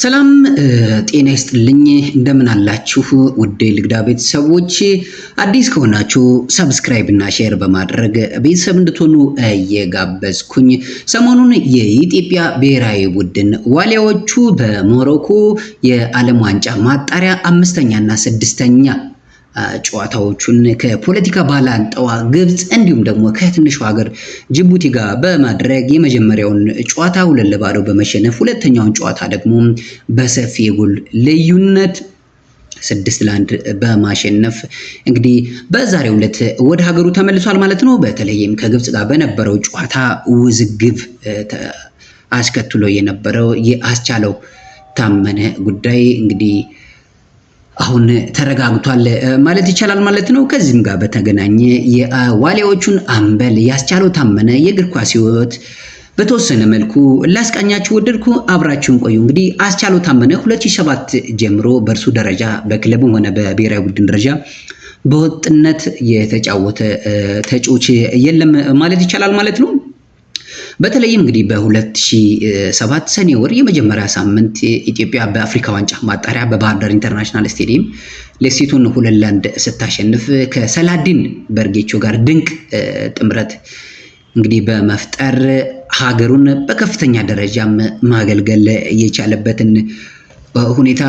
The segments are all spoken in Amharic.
ሰላም ጤና ይስጥልኝ። እንደምን አላችሁ? ውድ ልግዳ ቤተሰቦች አዲስ ከሆናችሁ ሰብስክራይብ እና ሼር በማድረግ ቤተሰብ እንድትሆኑ እየጋበዝኩኝ ሰሞኑን የኢትዮጵያ ብሔራዊ ቡድን ዋሊያዎቹ በሞሮኮ የዓለም ዋንጫ ማጣሪያ አምስተኛና ስድስተኛ ጨዋታዎቹን ከፖለቲካ ባላንጣዋ ግብፅ እንዲሁም ደግሞ ከትንሹ ሀገር ጅቡቲ ጋር በማድረግ የመጀመሪያውን ጨዋታ ሁለት ለባዶ በመሸነፍ ሁለተኛውን ጨዋታ ደግሞ በሰፊ የጎል ልዩነት ስድስት ለአንድ በማሸነፍ እንግዲህ በዛሬው ዕለት ወደ ሀገሩ ተመልሷል ማለት ነው። በተለይም ከግብፅ ጋር በነበረው ጨዋታ ውዝግብ አስከትሎ የነበረው የአስቻለው ታመነ ጉዳይ እንግዲህ አሁን ተረጋግቷል ማለት ይቻላል ማለት ነው። ከዚህም ጋር በተገናኘ የዋሊያዎቹን አምበል ያስቻለው ታመነ የእግር ኳስ ሕይወት በተወሰነ መልኩ ላስቃኛችሁ ወደድኩ። አብራችሁን ቆዩ። እንግዲህ አስቻለው ታመነ 2007 ጀምሮ በእርሱ ደረጃ በክለቡም ሆነ በብሔራዊ ቡድን ደረጃ በወጥነት የተጫወተ ተጫዋች የለም ማለት ይቻላል ማለት ነው። በተለይም እንግዲህ በ2007 ሰኔ ወር የመጀመሪያ ሳምንት ኢትዮጵያ በአፍሪካ ዋንጫ ማጣሪያ በባህር ዳር ኢንተርናሽናል ስቴዲየም ሌሴቱን ሁለት ለአንድ ስታሸንፍ ከሰላዲን በርጌቾ ጋር ድንቅ ጥምረት እንግዲህ በመፍጠር ሀገሩን በከፍተኛ ደረጃ ማገልገል የቻለበትን ሁኔታ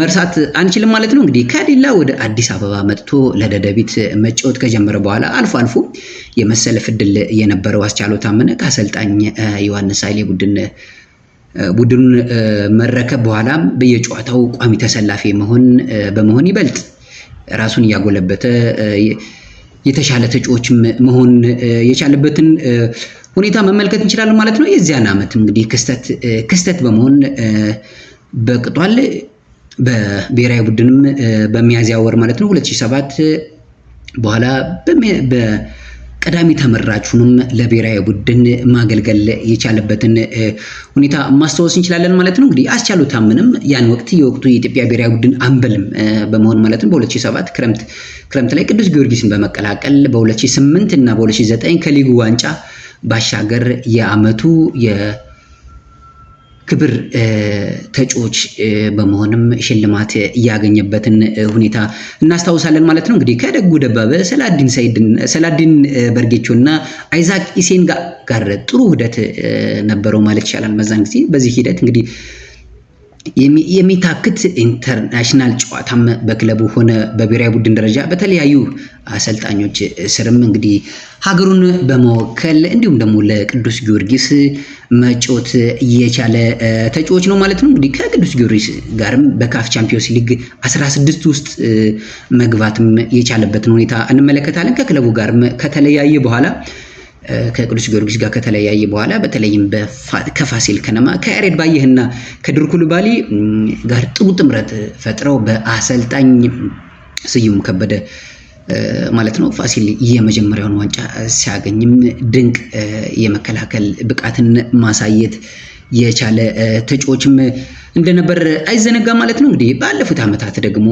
መርሳት አንችልም ማለት ነው። እንግዲህ ከዲላ ወደ አዲስ አበባ መጥቶ ለደደቢት መጫወት ከጀመረ በኋላ አልፎ አልፎ የመሰለፍ እድል የነበረው አስቻለው ታመነ ከአሰልጣኝ ዮሐንስ ኃይሌ ቡድን ቡድኑን መረከብ በኋላም በየጨዋታው ቋሚ ተሰላፊ መሆን በመሆን ይበልጥ ራሱን እያጎለበተ የተሻለ ተጫዋች መሆን የቻለበትን ሁኔታ መመልከት እንችላለን ማለት ነው። የዚያን ዓመት እንግዲህ ክስተት ክስተት በመሆን በቅጧል። በብሔራዊ ቡድንም በሚያዝያ ወር ማለት ነው 2007 በኋላ በቀዳሚ ተመራጭ ለብሔራዊ ቡድን ማገልገል የቻለበትን ሁኔታ ማስታወስ እንችላለን ማለት ነው። እንግዲህ አስቻሉ ታምንም ያን ወቅት የወቅቱ የኢትዮጵያ ብሔራዊ ቡድን አንበልም በመሆን ማለት ነው በ2007 ክረምት ክረምት ላይ ቅዱስ ጊዮርጊስን በመቀላቀል በ2008 እና በ2009 ከሊጉ ዋንጫ ባሻገር የአመቱ ክብር ተጫዎች በመሆንም ሽልማት ያገኘበትን ሁኔታ እናስታውሳለን ማለት ነው። እንግዲህ ከደጉ ደባበ፣ ሰላዲን ሰይድን፣ ሰላዲን በርጌቾ እና አይዛክ ኢሴንጋ ጋር ጥሩ ውህደት ነበረው ማለት ይቻላል። መዛን ጊዜ በዚህ ሂደት እንግዲህ የሚታክት ኢንተርናሽናል ጨዋታም በክለቡ ሆነ በብሔራዊ ቡድን ደረጃ በተለያዩ አሰልጣኞች ስርም እንግዲህ ሀገሩን በመወከል እንዲሁም ደግሞ ለቅዱስ ጊዮርጊስ መጮት እየቻለ ተጫዋች ነው ማለት ነው። እንግዲህ ከቅዱስ ጊዮርጊስ ጋርም በካፍ ቻምፒዮንስ ሊግ 16 ውስጥ መግባትም የቻለበትን ሁኔታ እንመለከታለን። ከክለቡ ጋርም ከተለያየ በኋላ ከቅዱስ ጊዮርጊስ ጋር ከተለያየ በኋላ በተለይም ከፋሲል ከነማ ከያሬድ ባየህና ከድርኩልባሊ ጋር ጥሩ ጥምረት ፈጥረው በአሰልጣኝ ስዩም ከበደ ማለት ነው ፋሲል የመጀመሪያውን ዋንጫ ሲያገኝም ድንቅ የመከላከል ብቃትን ማሳየት የቻለ ተጫዋችም እንደነበር አይዘነጋ ማለት ነው። እንግዲህ ባለፉት ዓመታት ደግሞ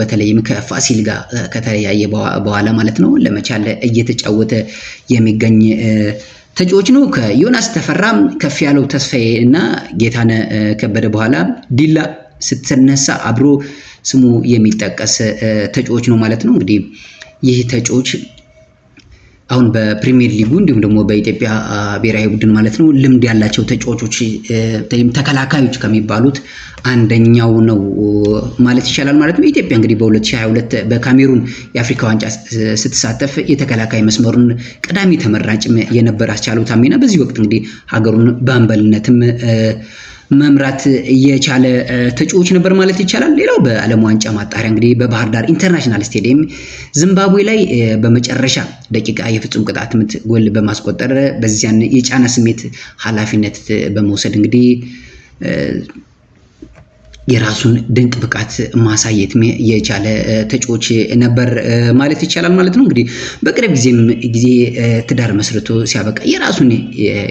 በተለይም ከፋሲል ጋር ከተለያየ በኋላ ማለት ነው ለመቻለ እየተጫወተ የሚገኝ ተጫዋች ነው። ከዮናስ ተፈራ ከፍ ያለው ተስፋዬ እና ጌታነ ከበደ በኋላ ዲላ ስትነሳ አብሮ ስሙ የሚጠቀስ ተጫዋች ነው ማለት ነው። እንግዲህ ይህ ተጫዋች አሁን በፕሪሚየር ሊጉ እንዲሁም ደግሞ በኢትዮጵያ ብሔራዊ ቡድን ማለት ነው ልምድ ያላቸው ተጫዋቾች ወይም ተከላካዮች ከሚባሉት አንደኛው ነው ማለት ይቻላል ማለት ነው። ኢትዮጵያ እንግዲህ በ2022 በካሜሩን የአፍሪካ ዋንጫ ስትሳተፍ የተከላካይ መስመሩን ቀዳሚ ተመራጭ የነበር አስቻለው ታሜና በዚህ ወቅት እንግዲህ ሀገሩን በአምበልነትም መምራት እየቻለ ተጫዋች ነበር ማለት ይቻላል። ሌላው በዓለም ዋንጫ ማጣሪያ እንግዲህ በባህር ዳር ኢንተርናሽናል ስቴዲየም ዚምባብዌ ላይ በመጨረሻ ደቂቃ የፍጹም ቅጣት ምት ጎል በማስቆጠር በዚያን የጫና ስሜት ኃላፊነት በመውሰድ እንግዲህ የራሱን ድንቅ ብቃት ማሳየት የቻለ ተጫዋች ነበር ማለት ይቻላል ማለት ነው። እንግዲህ በቅርብ ጊዜም ጊዜ ትዳር መስርቶ ሲያበቃ የራሱን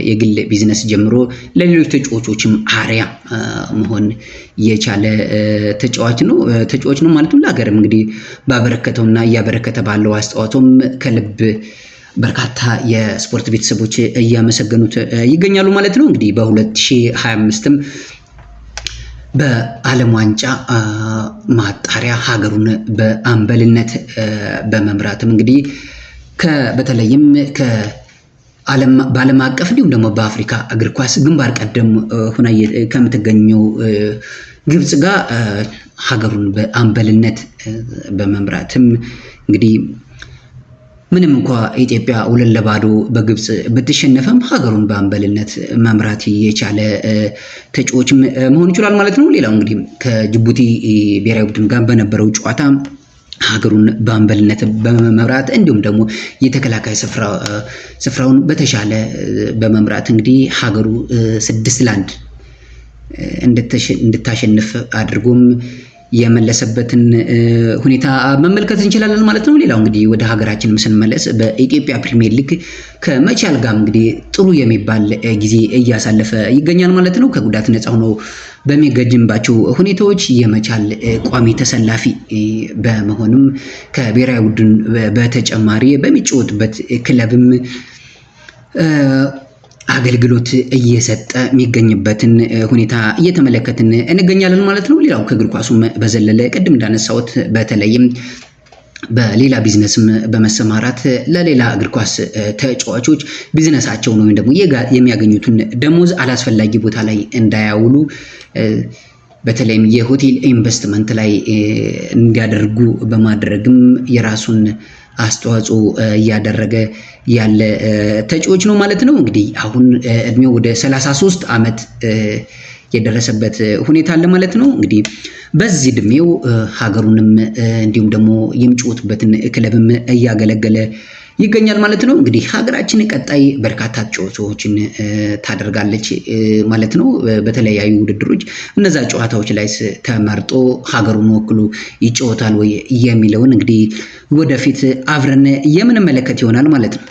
የግል ቢዝነስ ጀምሮ ለሌሎች ተጫዋቾችም አሪያ መሆን የቻለ ተጫዋች ነው ተጫዋች ነው ማለት ነው። ለሀገርም እንግዲህ ባበረከተውና እያበረከተ ባለው አስተዋጽኦም ከልብ በርካታ የስፖርት ቤተሰቦች እያመሰገኑት ይገኛሉ ማለት ነው። እንግዲህ በ2025ም በዓለም ዋንጫ ማጣሪያ ሀገሩን በአምበልነት በመምራትም እንግዲህ በተለይም በዓለም አቀፍ እንዲሁም ደግሞ በአፍሪካ እግር ኳስ ግንባር ቀደም ሁና ከምትገኘው ግብፅ ጋር ሀገሩን በአምበልነት በመምራትም እንግዲህ ምንም እንኳ ኢትዮጵያ ሁለት ለባዶ በግብፅ ብትሸነፈም ሀገሩን በአምበልነት መምራት የቻለ ተጫዋች መሆን ይችላል ማለት ነው። ሌላው እንግዲህ ከጅቡቲ ብሔራዊ ቡድን ጋር በነበረው ጨዋታ ሀገሩን በአምበልነት በመምራት እንዲሁም ደግሞ የተከላካይ ስፍራውን በተሻለ በመምራት እንግዲህ ሀገሩ ስድስት ለአንድ እንድታሸንፍ አድርጎም የመለሰበትን ሁኔታ መመልከት እንችላለን ማለት ነው። ሌላው እንግዲህ ወደ ሀገራችንም ስንመለስ በኢትዮጵያ ፕሪሚየር ሊግ ከመቻል ጋር እንግዲህ ጥሩ የሚባል ጊዜ እያሳለፈ ይገኛል ማለት ነው። ከጉዳት ነፃ ሆኖ በሚገጅምባቸው ሁኔታዎች የመቻል ቋሚ ተሰላፊ በመሆንም ከብሔራዊ ቡድን በተጨማሪ በሚጫወትበት ክለብም አገልግሎት እየሰጠ የሚገኝበትን ሁኔታ እየተመለከትን እንገኛለን ማለት ነው። ሌላው ከእግር ኳሱም በዘለለ ቅድም እንዳነሳሁት በተለይም በሌላ ቢዝነስም በመሰማራት ለሌላ እግር ኳስ ተጫዋቾች ቢዝነሳቸውን ወይም ደግሞ የሚያገኙትን ደሞዝ አላስፈላጊ ቦታ ላይ እንዳያውሉ በተለይም የሆቴል ኢንቨስትመንት ላይ እንዲያደርጉ በማድረግም የራሱን አስተዋጽኦ እያደረገ ያለ ተጫዋች ነው ማለት ነው። እንግዲህ አሁን እድሜው ወደ 33 ዓመት የደረሰበት ሁኔታ አለ ማለት ነው። እንግዲህ በዚህ እድሜው ሀገሩንም እንዲሁም ደግሞ የሚጫወትበትን ክለብም እያገለገለ ይገኛል ማለት ነው። እንግዲህ ሀገራችን ቀጣይ በርካታ ጨዋታዎችን ታደርጋለች ማለት ነው። በተለያዩ ውድድሮች እነዛ ጨዋታዎች ላይ ተመርጦ ሀገሩን ወክሎ ይጫወታል ወይ የሚለውን እንግዲህ ወደፊት አብረን የምንመለከት ይሆናል ማለት ነው።